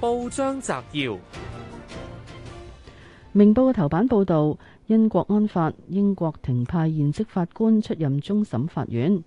報章摘要：明報嘅頭版報道，因國安法，英國停派現職法官出任終審法院。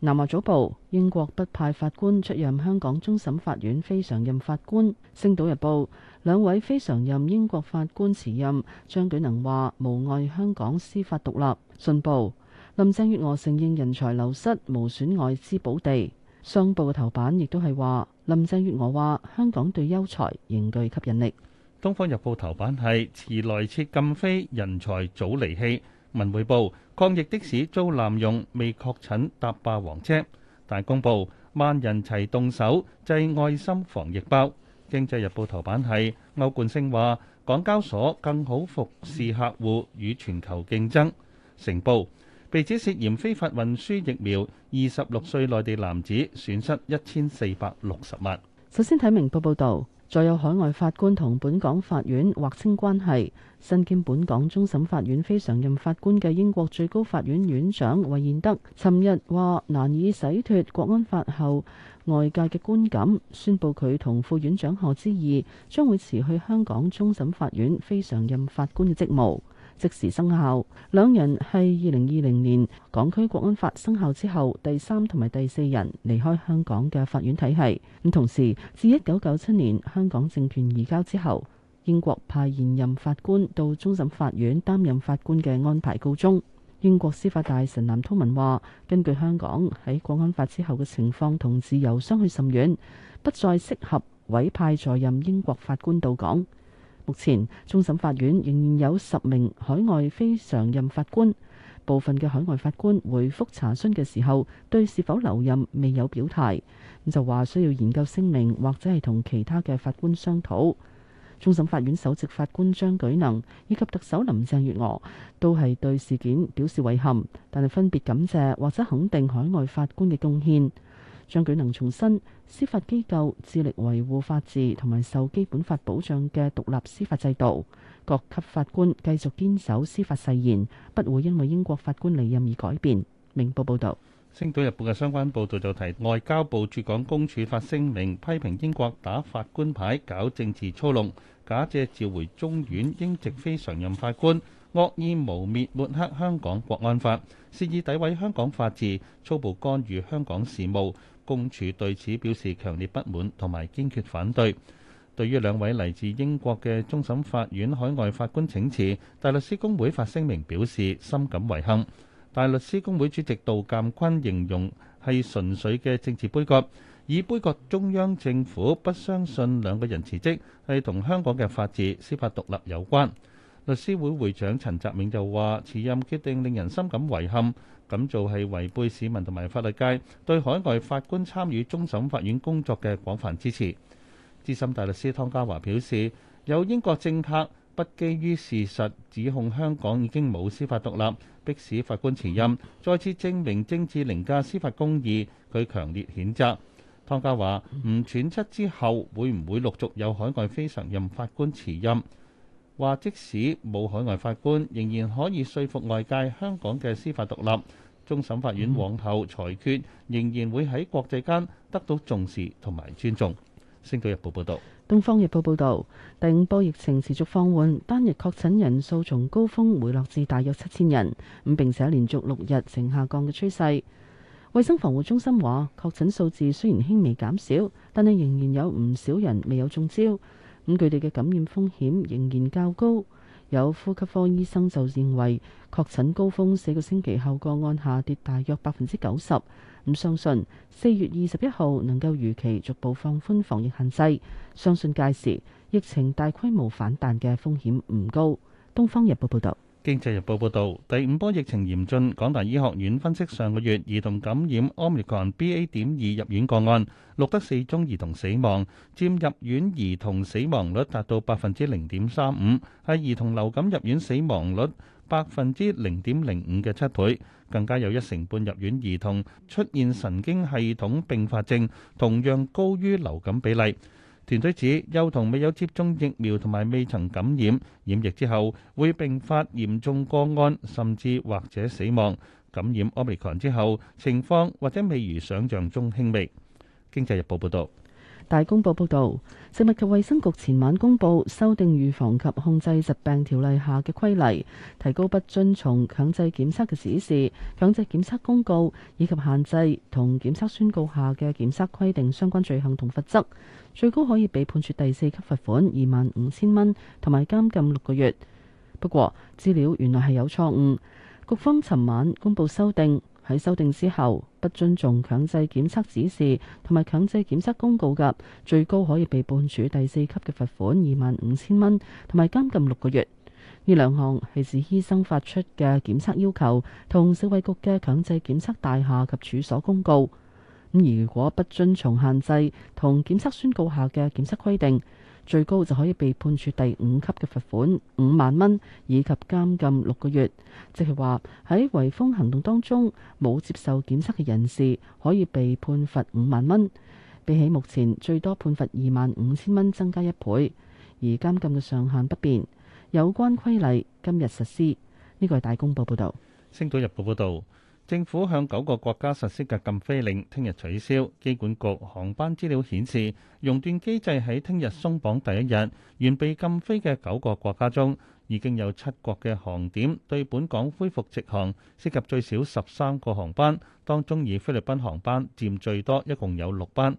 南華早報：英國不派法官出任香港終審法院非常任法官。星島日報：兩位非常任英國法官辭任。張舉能話：無礙香港司法獨立。信報：林鄭月娥承認人才流失，無損外資寶地。上報嘅頭版亦都係話，林鄭月娥話香港對優才仍具吸引力。《東方日報》頭版係遲來撤禁飛，人才早離棄。《文匯報》抗疫的士遭濫用，未確診搭霸王車。《大公報》萬人齊動手製愛心防疫包。《經濟日報》頭版係歐冠昇話，港交所更好服侍客戶與全球競爭。成報。被指涉嫌非法運輸疫苗，二十六歲內地男子損失一千四百六十萬。首先睇明報報道，再有海外法官同本港法院劃清關係，身兼本港終審法院非常任法官嘅英國最高法院院長韋彥德，尋日話難以洗脫《國安法》後外界嘅觀感，宣布佢同副院長賀知義，將會辭去香港終審法院非常任法官嘅職務。即時生效，兩人係二零二零年港區國安法生效之後第三同埋第四人離開香港嘅法院體系。咁同時，自一九九七年香港政權移交之後，英國派現任法官到終審法院擔任法官嘅安排告終。英國司法大臣藍韜文話：根據香港喺國安法之後嘅情況同自由相去甚遠，不再適合委派在任英國法官到港。目前，終審法院仍然有十名海外非常任法官。部分嘅海外法官回覆查詢嘅時候，對是否留任未有表態，咁就話需要研究聲明或者係同其他嘅法官商討。終審法院首席法官張舉能以及特首林鄭月娥都係對事件表示遺憾，但係分別感謝或者肯定海外法官嘅貢獻。將舉能重申司法機構致力維護法治同埋受基本法保障嘅獨立司法制度，各級法官繼續堅守司法誓言，不會因為英國法官離任而改變。明報報導，星島日報嘅相關報導就提外交部駐港公署發聲明，批評英國打法官牌搞政治操弄，假借召回終院英籍非常任法官，惡意污蔑抹黑香港國安法，肆意詆毀香港法治，粗暴干預香港事務。公署對此表示強烈不滿，同埋堅決反對。對於兩位嚟自英國嘅終審法院海外法官請辭，大律師公會發聲明表示深感遺憾。大律師公會主席杜淦堃形容係純粹嘅政治杯葛，以杯葛中央政府不相信兩個人辭職係同香港嘅法治司法獨立有關。律師會會長陳澤銘就話：辭任決定令人深感遺憾，咁做係違背市民同埋法律界對海外法官參與終審法院工作嘅廣泛支持。資深大律師湯家驊表示，有英國政客不基於事實指控香港已經冇司法獨立，迫使法官辭任，再次證明政治凌駕司法公義，佢強烈譴責。湯家驊唔揣測之後，會唔會陸續有海外非常任法官辭任。話即使冇海外法官，仍然可以說服外界香港嘅司法獨立。終審法院往後裁決，仍然會喺國際間得到重視同埋尊重。星島日報報道：「東方日報報道，第五波疫情持續放緩，單日確診人數從高峰回落至大約七千人，咁並且連續六日呈下降嘅趨勢。衛生防護中心話，確診數字雖然輕微減少，但係仍然有唔少人未有中招。咁佢哋嘅感染風險仍然較高，有呼吸科醫生就認為，確診高峰四個星期後個案下跌大約百分之九十。咁相信四月二十一號能夠如期逐步放寬防疫限制，相信屆時疫情大規模反彈嘅風險唔高。《東方日報》報道。經濟日報報導，第五波疫情嚴峻，港大醫學院分析上個月兒童感染 Omicron BA. 點二入院個案，錄得四宗兒童死亡，佔入院兒童死亡率達到百分之零點三五，係兒童流感入院死亡率百分之零點零五嘅七倍，更加有一成半入院兒童出現神經系統併發症，同樣高於流感比例。團隊指幼童未有接種疫苗同埋未曾感染染疫之後，會並發嚴重個案，甚至或者死亡。感染 Omicron 之後，情況或者未如想像中輕微。經濟日報報導。大公報報導，食物及衛生局前晚公布修訂預防及控制疾病條例下嘅規例，提高不遵從強制檢測嘅指示、強制檢測公告以及限制同檢測宣告下嘅檢測規定相關罪行同罰則，最高可以被判處第四級罰款二萬五千蚊同埋監禁六個月。不過資料原來係有錯誤，局方尋晚公布修訂。喺修訂之後，不尊重強制檢測指示同埋強制檢測公告嘅，最高可以被判處第四級嘅罰款二萬五千蚊，同埋監禁六個月。呢兩項係指醫生發出嘅檢測要求同食衞局嘅強制檢測大廈及處所公告。咁如果不遵從限制同檢測宣告下嘅檢測規定，最高就可以被判處第五級嘅罰款五萬蚊，以及監禁六個月。即係話喺圍封行動當中冇接受檢測嘅人士，可以被判罰五萬蚊，比起目前最多判罰二萬五千蚊，增加一倍。而監禁嘅上限不變。有關規例今日實施。呢個係大公報報道，《星島日報》報道。政府向九個國家實施嘅禁飛令，聽日取消。機管局航班資料顯示，熔斷機制喺聽日鬆綁第一日，原被禁飛嘅九個國家中，已經有七國嘅航點對本港恢復直航，涉及最少十三個航班，當中以菲律賓航班佔最多，一共有六班。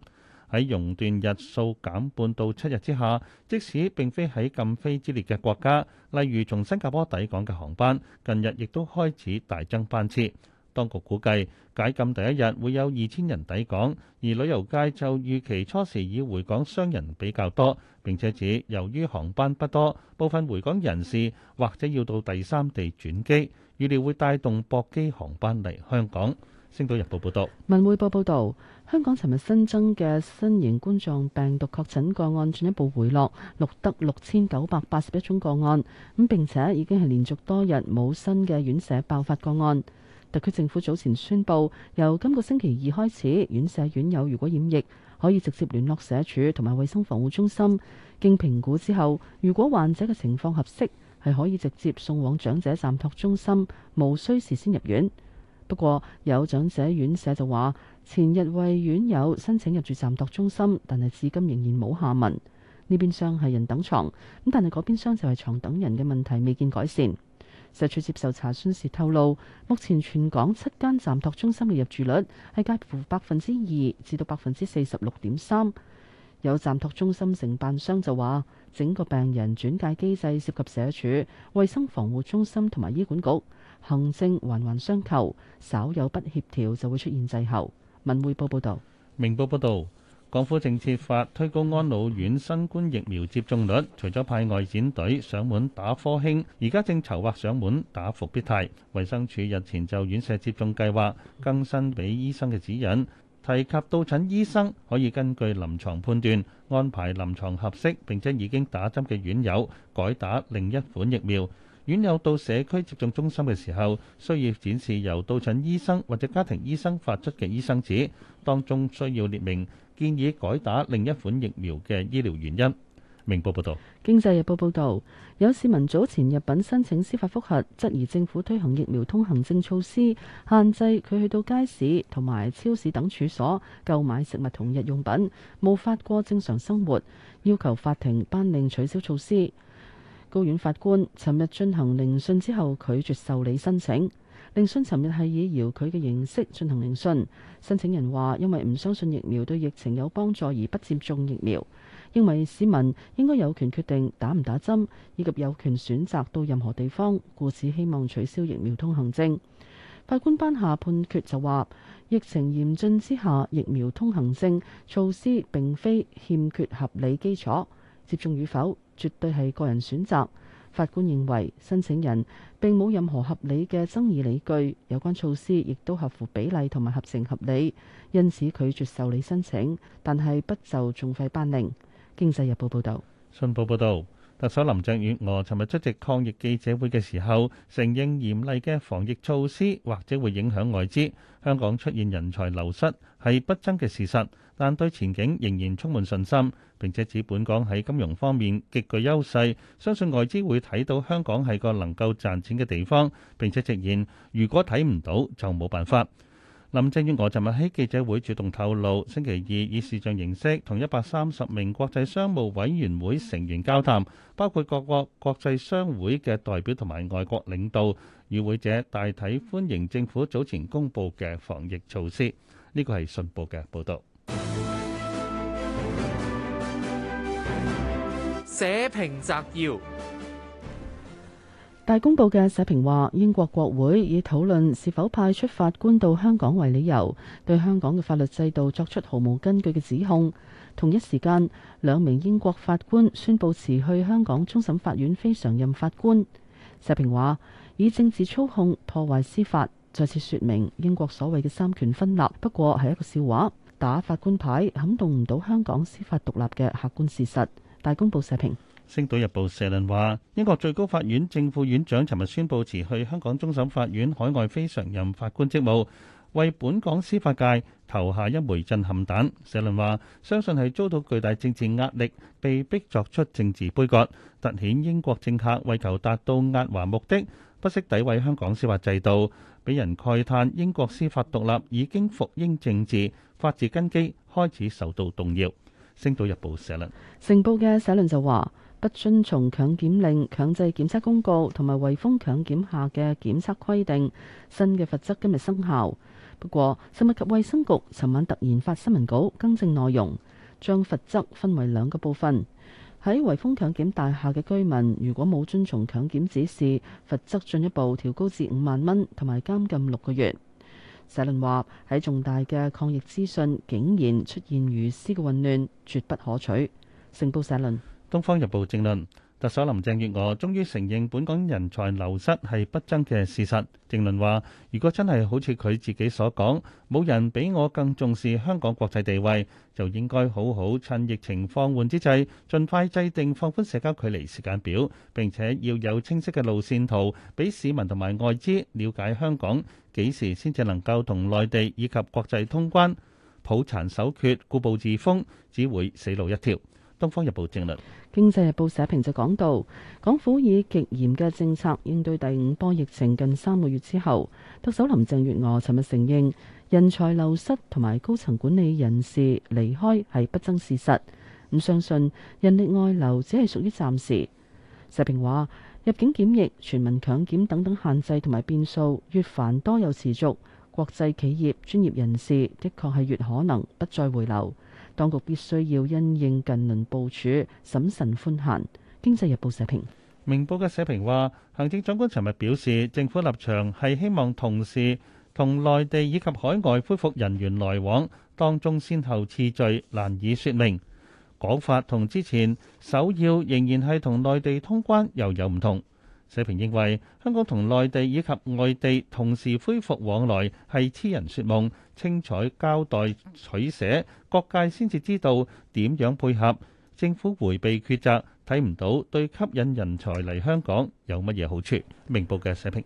喺熔斷日數減半到七日之下，即使並非喺禁飛之列嘅國家，例如從新加坡抵港嘅航班，近日亦都開始大增班次。當局估計解禁第一日會有二千人抵港，而旅遊界就預期初時以回港商人比較多，並且指由於航班不多，部分回港人士或者要到第三地轉機，預料會帶動駁機航班嚟香港。星島日報報道，文匯報報道，香港尋日新增嘅新型冠狀病毒確診個案進一步回落，錄得六千九百八十一宗個案，咁並且已經係連續多日冇新嘅院舍爆發個案。特區政府早前宣布，由今個星期二開始，院舍院友如果染疫，可以直接聯絡社署同埋衞生防護中心，經評估之後，如果患者嘅情況合適，係可以直接送往長者暫托中心，無需事先入院。不過，有長者院舍就話，前日為院友申請入住暫托中心，但係至今仍然冇下文。呢邊廂係人等床，咁但係嗰邊廂就係床等人嘅問題，未見改善。社署接受查詢時透露，目前全港七間暫托中心嘅入住率係介乎百分之二至到百分之四十六點三。有暫托中心承辦商就話，整個病人轉介機制涉及社署、衞生防護中心同埋醫管局，行政環環相扣，稍有不協調就會出現滯後。文匯報報道。明報報導。港府政策法推高安老院新冠疫苗接種率，除咗派外展隊上門打科興，而家正籌劃上門打復必泰。衛生署日前就院舍接種計劃更新俾醫生嘅指引，提及到診醫生可以根據臨床判斷安排臨床合適並且已經打針嘅院友改打另一款疫苗。院友到社區接種中心嘅時候，需要展示由到診醫生或者家庭醫生發出嘅醫生紙，當中需要列明。建議改打另一款疫苗嘅醫療原因。明報報道。《經濟日報》報道，有市民早前入稟申請司法覆核，質疑政府推行疫苗通行證措施，限制佢去到街市同埋超市等處所購買食物同日用品，無法過正常生活，要求法庭頒令取消措施。高院法官尋日進行聆訊之後，拒絕受理申請。聆訊尋日係以遙距嘅形式進行聆訊，申請人話因為唔相信疫苗對疫情有幫助而不接種疫苗，認為市民應該有權決定打唔打針，以及有權選擇到任何地方。故此希望取消疫苗通行證。法官頒下判決就話，疫情嚴峻之下，疫苗通行證措施並非欠缺合理基礎，接種與否絕對係個人選擇。法官認為，申請人並冇任何合理嘅爭議理據，有關措施亦都合乎比例同埋合情合理，因此拒絕受理申請，但係不就訟費頒令。經濟日報報道。信報報導。特首林鄭月娥尋日出席抗疫記者會嘅時候，承認嚴厲嘅防疫措施或者會影響外資，香港出現人才流失係不爭嘅事實，但對前景仍然充滿信心。並且指本港喺金融方面極具優勢，相信外資會睇到香港係個能夠賺錢嘅地方。並且直言，如果睇唔到就冇辦法。林鄭月娥尋日喺記者會主動透露，星期二以視像形式同一百三十名國際商務委員會成員交談，包括各國國際商會嘅代表同埋外國領導與會者，大體歡迎政府早前公布嘅防疫措施。呢個係信報嘅報導。社評摘要。大公報嘅社評話：英國國會以討論是否派出法官到香港為理由，對香港嘅法律制度作出毫無根據嘅指控。同一時間，兩名英國法官宣布辭去香港終審法院非常任法官。社評話：以政治操控破壞司法，再次說明英國所謂嘅三權分立不過係一個笑話，打法官牌撼動唔到香港司法獨立嘅客觀事實。大公報社評。《星島日報》社論話：英國最高法院正副院長尋日宣布辭去香港終審法院海外非常任法官職務，為本港司法界投下一枚震撼彈。社論話：相信係遭到巨大政治壓力，被逼作出政治杯葛，突顯英國政客為求達到壓華目的，不惜詆毀香港司法制度，俾人慨嘆英國司法獨立已經服英政治，法治根基開始受到動搖。《星島日報》社論。成報嘅社論就話。不遵從強檢令、強制檢測公告同埋圍封強檢下嘅檢測規定，新嘅罰則今日生效。不過，食物及衛生局尋晚突然發新聞稿更正內容，將罰則分為兩個部分。喺圍封強檢大廈嘅居民，如果冇遵從強檢指示，罰則進一步調高至五萬蚊同埋監禁六個月。社論話，喺重大嘅抗疫資訊，竟然出現如斯嘅混亂，絕不可取。成報社論。《東方日報》政論：特首林鄭月娥終於承認本港人才流失係不爭嘅事實。政論話：如果真係好似佢自己所講，冇人比我更重視香港國際地位，就應該好好趁疫情放緩之際，盡快制定放寬社交距離時間表，並且要有清晰嘅路線圖，畀市民同埋外資了解香港幾時先至能夠同內地以及國際通關。抱殘守缺、固步自封，只會死路一條。《東方日報》政論，《經濟日報》社評就講到，港府以極嚴嘅政策應對第五波疫情近三個月之後，特首林鄭月娥尋日承認，人才流失同埋高層管理人士離開係不爭事實。唔相信人力外流只係屬於暫時。社評話，入境檢疫、全民強檢等等限制同埋變數越繁多又持續，國際企業專業人士的確係越可能不再回流。當局必須要因應近輪部署，審慎寬限。經濟日報社評，明報嘅社評話，行政長官尋日表示，政府立場係希望同時同內地以及海外恢復人員來往，當中先後次序難以説明。講法同之前首要仍然係同內地通關又有唔同。社評認為，香港同內地以及外地同時恢復往來係痴人說夢，清彩交代取捨，各界先至知道點樣配合。政府迴避抉擇，睇唔到對吸引人才嚟香港有乜嘢好處。明報嘅社評。